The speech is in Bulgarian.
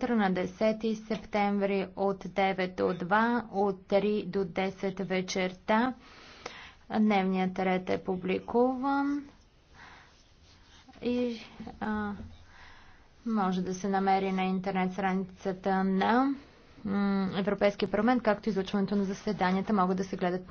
Утре на 10 септември от 9 до 2, от 3 до 10 вечерта. Дневният ред е публикуван и а, може да се намери на интернет страницата на Европейския парламент, както излъчването на заседанията могат да се гледат